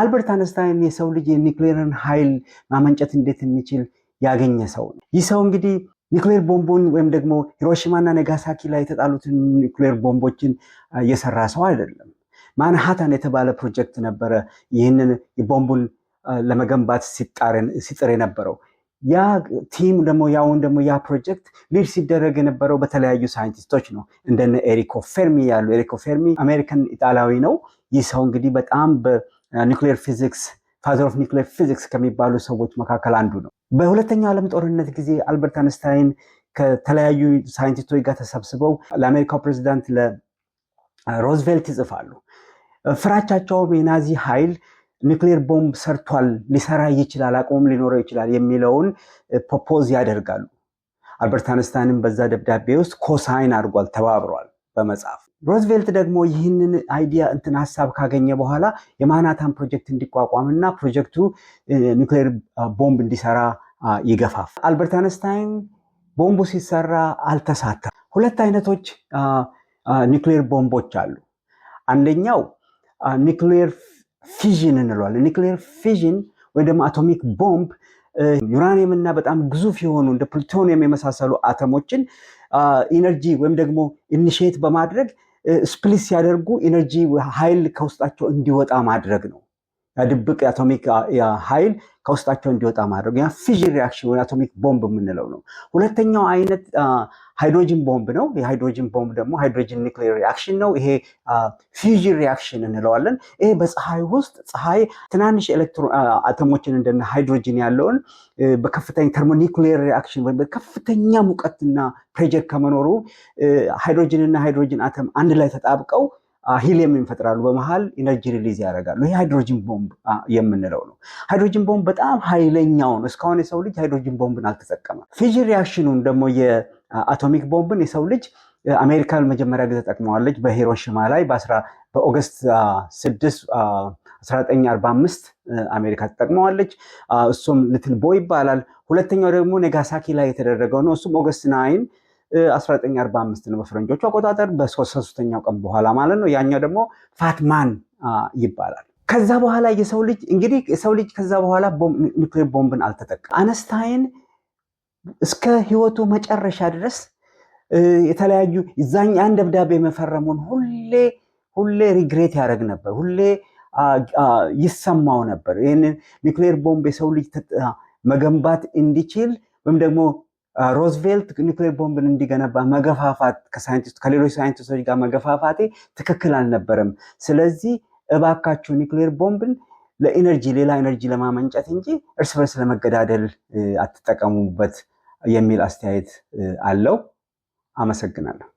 አልበርት አነስታይን የሰው ልጅ የኒክሌርን ኃይል ማመንጨት እንዴት የሚችል ያገኘ ሰው ነው። ይህ ሰው እንግዲህ ኒክሌር ቦምቡን ወይም ደግሞ ሂሮሺማና ነጋሳኪ ላይ የተጣሉትን ኒክሌር ቦምቦችን የሰራ ሰው አይደለም። ማንሃታን የተባለ ፕሮጀክት ነበረ ይህንን ቦምቡን ለመገንባት ሲጥር የነበረው ያ ቲም ደግሞ ያውን ደግሞ ያ ፕሮጀክት ሊድ ሲደረግ የነበረው በተለያዩ ሳይንቲስቶች ነው። እንደነ ኤሪኮ ፌርሚ ያሉ ኤሪኮ ፌርሚ አሜሪካን ኢጣሊያዊ ነው። ይህ ሰው እንግዲህ በጣም ኒክሌር ፊዚክስ ፋዘር ኦፍ ኒክሌር ፊዚክስ ከሚባሉ ሰዎች መካከል አንዱ ነው። በሁለተኛው ዓለም ጦርነት ጊዜ አልበርት አንስታይን ከተለያዩ ሳይንቲስቶች ጋር ተሰብስበው ለአሜሪካው ፕሬዚዳንት ለሮዝቬልት ይጽፋሉ። ፍራቻቸውም የናዚ ኃይል ኒክሌር ቦምብ ሰርቷል፣ ሊሰራ ይችላል፣ አቅሙም ሊኖረው ይችላል የሚለውን ፕሮፖዝ ያደርጋሉ። አልበርት አንስታይንም በዛ ደብዳቤ ውስጥ ኮሳይን አድርጓል፣ ተባብሯል በመጽሐፍ ሮዝቬልት ደግሞ ይህንን አይዲያ እንትን ሀሳብ ካገኘ በኋላ የማናታን ፕሮጀክት እንዲቋቋም እና ፕሮጀክቱ ኒክሌር ቦምብ እንዲሰራ ይገፋፍ። አልበርት አነስታይን ቦምቡ ሲሰራ አልተሳተፈም። ሁለት አይነቶች ኒክሌር ቦምቦች አሉ። አንደኛው ኒክሌር ፊዥን እንለዋለን። ኒክሌር ፊዥን ወይ ደግሞ አቶሚክ ቦምብ ዩራኒየም እና በጣም ግዙፍ የሆኑ እንደ ፕሉቶኒየም የመሳሰሉ አተሞችን ኢነርጂ ወይም ደግሞ ኢኒሽት በማድረግ ስፕሊስ ሲያደርጉ ኢነርጂ ኃይል ከውስጣቸው እንዲወጣ ማድረግ ነው። ድብቅ የአቶሚክ ኃይል ከውስጣቸው እንዲወጣ ማድረግ ያ ፊዥን ሪያክሽን ወይ አቶሚክ ቦምብ የምንለው ነው። ሁለተኛው አይነት ሃይድሮጅን ቦምብ ነው። የሃይድሮጅን ቦምብ ደግሞ ሃይድሮጅን ኒክሌር ሪያክሽን ነው። ይሄ ፊዥን ሪያክሽን እንለዋለን። ይሄ በፀሐይ ውስጥ ፀሐይ ትናንሽ ኤሌክትሮ አተሞችን እንደነ ሃይድሮጅን ያለውን በከፍተኛ ተርሞኒክሌር ሪያክሽን ወይም በከፍተኛ ሙቀትና ፕሬጀክት ከመኖሩ ሃይድሮጅንና ሃይድሮጅን አተም አንድ ላይ ተጣብቀው ሂሊየም ይፈጥራሉ። በመሃል ኢነርጂ ሪሊዝ ያደርጋሉ። ይህ ሃይድሮጂን ቦምብ የምንለው ነው። ሃይድሮጅን ቦምብ በጣም ኃይለኛው ነው። እስካሁን የሰው ልጅ ሃይድሮጂን ቦምብን አልተጠቀመም። ፊዥን ሪያክሽኑን ደግሞ የአቶሚክ ቦምብን የሰው ልጅ አሜሪካ መጀመሪያ ጊዜ ተጠቅመዋለች በሂሮሽማ ላይ በኦገስት 6 1945 አሜሪካ ተጠቅመዋለች። እሱም ልትል ቦ ይባላል። ሁለተኛው ደግሞ ኔጋሳኪ ላይ የተደረገው ነው። እሱም ኦገስት ናይን 1945 ነው በፈረንጆቹ አቆጣጠር በሶስተኛው ቀን በኋላ ማለት ነው። ያኛው ደግሞ ፋትማን ይባላል። ከዛ በኋላ የሰው ልጅ እንግዲህ የሰው ልጅ ከዛ በኋላ ኒውክሌር ቦምብን አልተጠቀም። አነስታይን እስከ ህይወቱ መጨረሻ ድረስ የተለያዩ ያን ደብዳቤ መፈረሙን ሁሌ ሁሌ ሪግሬት ያደረግ ነበር። ሁሌ ይሰማው ነበር። ይህንን ኒክሌር ቦምብ የሰው ልጅ መገንባት እንዲችል ወይም ደግሞ ሮዝቬልት ኒኩሌር ቦምብን እንዲገነባ መገፋፋት ከሌሎች ሳይንቲስቶች ጋር መገፋፋቴ ትክክል አልነበረም። ስለዚህ እባካችሁ ኒኩሌር ቦምብን ለኢነርጂ ሌላ ኢነርጂ ለማመንጨት እንጂ እርስ በርስ ለመገዳደል አትጠቀሙበት የሚል አስተያየት አለው። አመሰግናለሁ።